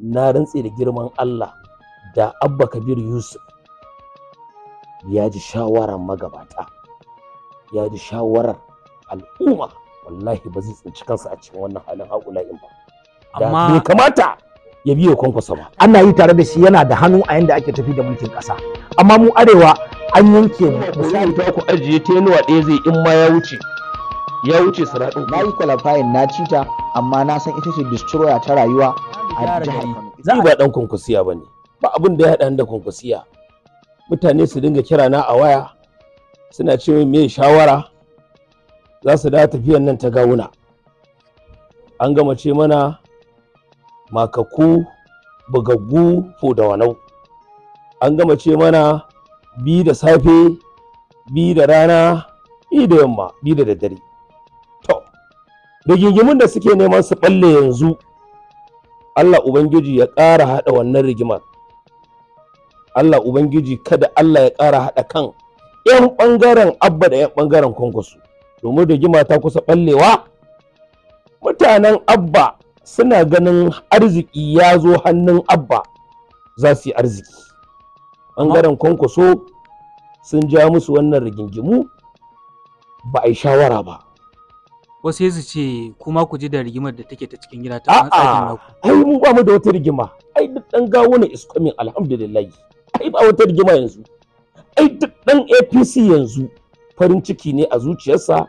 na rantse da girman Allah da Abba Kabir Yusuf ya ji shawarar magabata ya ji shawarar al'umma wallahi ba zai tsinci kansa a cikin wannan halin in ba amma bai kamata ya biyo kwankwasa ba ana yi tare da shi yana da hannu a yanda ake tafi da mulkin ƙasa amma mu arewa an yanke misali ta ku ajiye tenuwa ɗaya zai in ma ya wuce ya wuce na yi kwalafayin na cita amma na san ita ce destroyer ta rayuwa gyara gari za ba dan kunkusiya bane ba abin da ya haɗa da kunkusiya mutane su dinga kira na a waya suna cewa me shawara za su da tafiyan nan ta gawuna an gama ce mana makaku bugaggu fo an gama ce mana bi da safe bi da rana bi da yamma bi da daddare to rigingimin da suke neman su balle yanzu Allah Ubangiji ya ƙara haɗa wannan rigimar Allah Ubangiji kada Allah ya ƙara haɗa kan 'yan ɓangaren abba da 'yan ɓangaren kwankwaso domin rigima ta kusa ɓallewa mutanen abba suna ganin arziki ya zo hannun abba za su yi arziki ɓangaren kwankwaso sun ja musu wannan rigingimu ba a yi shawara ba wasu su ce kuma ku ji da rigimar da take ta cikin gida ta ai mu ba mu da wata rigima ai duk dan gawo ne iskomin alhamdulillah ai ba wata rigima yanzu ai duk dan APC yanzu farin ciki ne a zuciyarsa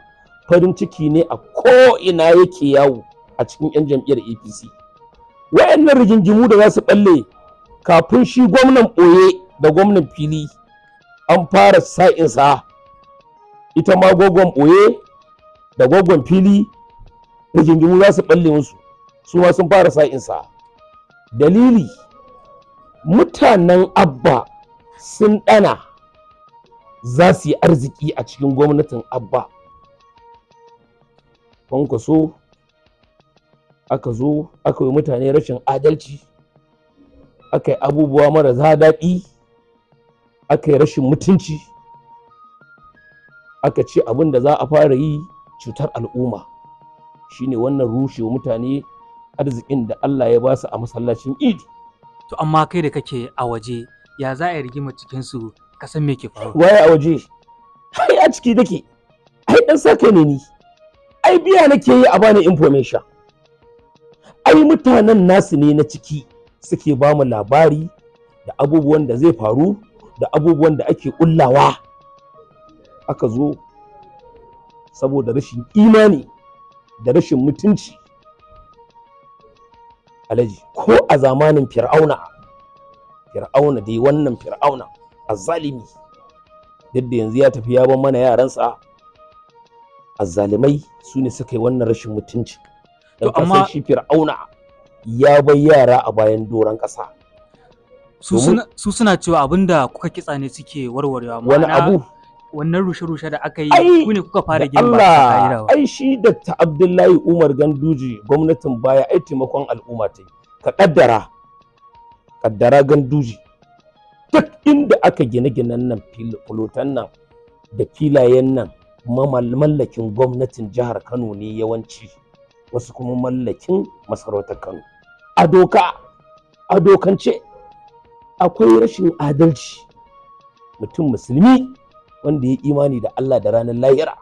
farin ciki ne a ko ina yake yawo a cikin yan jam'iyyar APC wayannan rigingimu da za su balle kafin shi gwamnan boye da gwamnan fili an fara sa'insa ita ma gogon boye da gwaggon fili rigingimu za su balle musu su ma sun fara sa'insa dalili mutanen abba sun ɗana za su yi arziki a cikin gwamnatin abba so aka zo aka yi mutane rashin adalci aka yi abubuwa marasa daɗi aka yi rashin mutunci aka ce abin da za a fara yi cutar al'umma shine wannan rushewa mutane arzikin da Allah ya ba su a masallacin idi. to amma kai da kake a waje ya za a rigima cikin su ka san me ke faru? waye a waje ai a ciki dake ai dan saka ne ni ai biya nake yi a bani information ai mutanen nasu ne na ciki suke ba mu labari da abubuwan da zai faru da abubuwan da ake ƙullawa aka zo saboda rashin imani da rashin mutunci alaji ko a zamanin fir'auna fir'auna dai wannan fir'auna a duk yadda yanzu ya tafi ya bar mana yaransa zalimai su ne suka yi wannan rashin mutunci da kasar shi fir'auna ya bai yara a bayan doron ƙasa su suna cewa abinda kuka kitsa ne suke warwarewa wani abu wannan rushe-rushe da aka yi ku ne kuka fara gina ba ai shi Dr. Abdullahi Umar Ganduji gwamnatin baya ai taimakon al'umma ta yi ka kaddara kaddara Ganduji duk inda aka gine-ginen nan filotan nan da filayen nan mallakin gwamnatin jihar Kano ne yawanci wasu kuma mallakin masarautar Kano a doka a dokance akwai rashin adalci mutum musulmi wanda ya imani da Allah da ranar lahira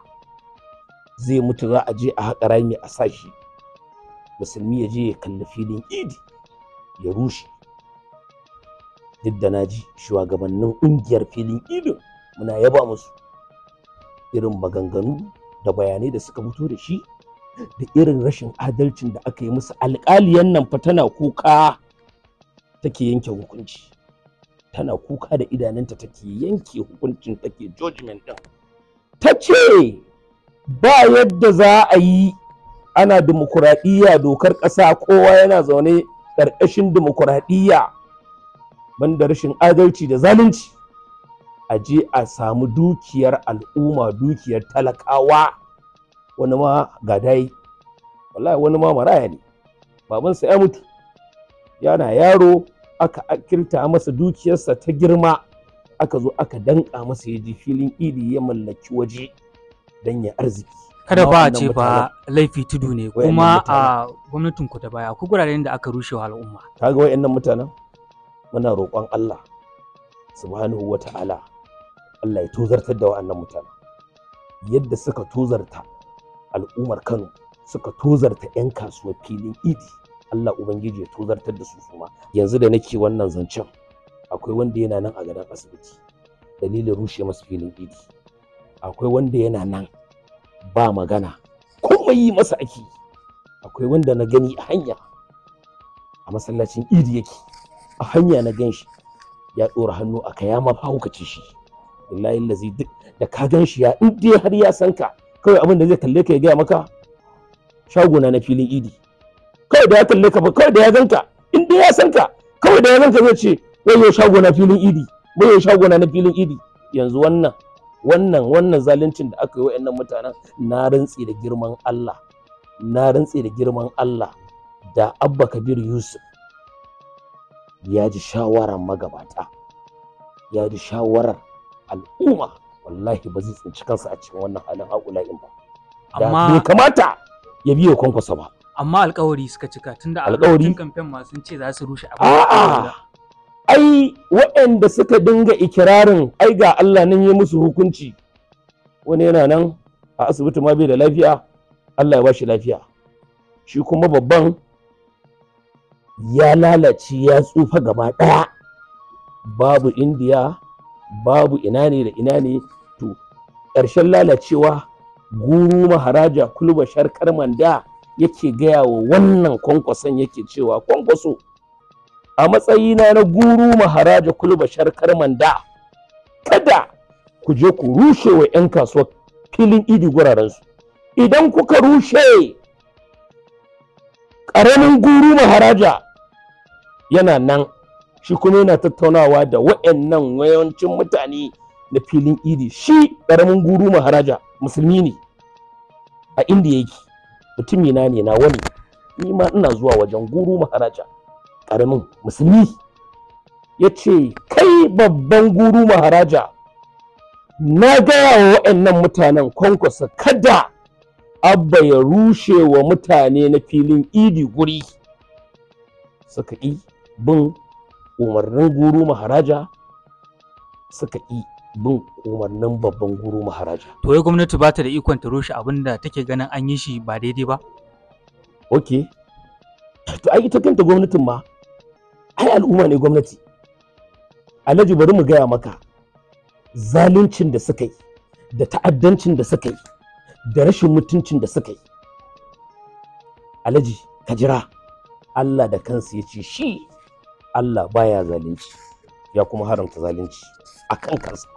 zai mutu za a je a haƙa rami a sa shi musulmi ya je ya kalli filin idi ya rushe duk da ji shugabannin ƙungiyar filin idin muna yaba musu irin maganganu da bayanai da suka fito da shi da irin rashin adalcin da aka yi musu alƙaliyan nan fa tana kuka take yanke hukunci tana kuka da idanunta take yanke hukuncin take judgment din ta ce ba yadda za a yi ana dimokuraɗiyya dokar ƙasa kowa yana zaune ƙarƙashin dimokuraɗiyya banda rashin adalci da zalunci a je a samu dukiyar al'umma dukiyar talakawa wani ma gadayi wallahi wani ma maraya ne babansa ya mutu yana yaro aka akinta masa dukiyarsa ta girma aka zo aka danka masa ya ji filin idi ya mallaki waje don ya arziki kada ba a ce ba laifi tudu ne kuma a gwamnatin ku ta baya ku guraren da aka rushe wa al'umma Ka ga wayannan mutanen muna roƙon Allah subhanahu wata'ala Allah ya tozartar da wayannan mutanen yadda suka tozarta al'ummar Kano suka tozarta 'yan kasuwa filin idi Allah ubangiji ya tozartar da su suma yanzu da nake wannan zancen akwai wanda yana nan a gadan asibiti dalilin rushe masu filin idi akwai wanda yana nan ba magana komai yi masa ake akwai wanda na gani a hanya a masallacin idi yake a hanya na gan shi ya ɗora hannu a kaya ma haukace shi wallahi lazi duk da ka gan shi ya in har ya san ka kawai abin da zai kalle ka ya gaya maka shagona na filin idi kawai da ya kalle ka ba kawai da ya ganka in ya san ka kawai da ya ganka zai ce wai yau shago na filin idi wai yau shago na filin idi yanzu wannan wannan wannan zaluncin da aka yi wa'annan mutanen na rantsi da girman Allah na rantsi da girman Allah da Abba Kabir Yusuf ya ji shawarar magabata ya ji shawarar al'umma wallahi ba zai tsinci kansa a cikin wannan halin haƙula'in ba amma bai kamata ya biyo kwankwasa ba amma alkawari suka cika tunda alkawarin kamfen ma sun ce za su rushe abu ai waɗanda suka dinga ikirarin ai ga Allah nan ya musu hukunci wani yana nan a asibiti ma bai da lafiya Allah ya ba shi lafiya shi kuma babban ya lalace ya tsufa gaba ɗaya babu indiya babu ina ne da ina ne to ƙarshen lalacewa guru maharaja kulba sharkar manda yake gaya wa wannan kwankwason yake cewa kwankwaso a matsayina na guru maharaja kulba sharkar manda kada ku je ku rushe wa 'yan kasuwa filin idi gurarensu idan kuka rushe ƙaramin guru maharaja yana nan shi kuma yana tattaunawa da wa'annan wayancin mutane na filin idi shi ƙaramin guru maharaja musulmi ne a inda yake mutumina ne na wani ni ma ina zuwa wajen guru maharaja Karamin, musulmi ya ce kai babban guru maharaja na gaya wa waɗannan mutanen kwankwasa kada abba ya rushe wa mutane na filin idi guri suka yi bin umarnin guru maharaja suka yi bin umarnin babban guru maharaja. To ya gwamnati ba ta da ikon ta rushe abin da take ganin an yi shi ba daidai ba? Ok. To ai ita kanta gwamnatin ma, ai al'umma ne gwamnati. Alhaji bari mu gaya maka zaluncin da suka yi, da ta'addancin da suka yi, da rashin mutuncin da suka yi. Alhaji ka jira Allah da kansu ya ce shi Allah baya zalunci. ya kuma haramta zalunci a kan kansa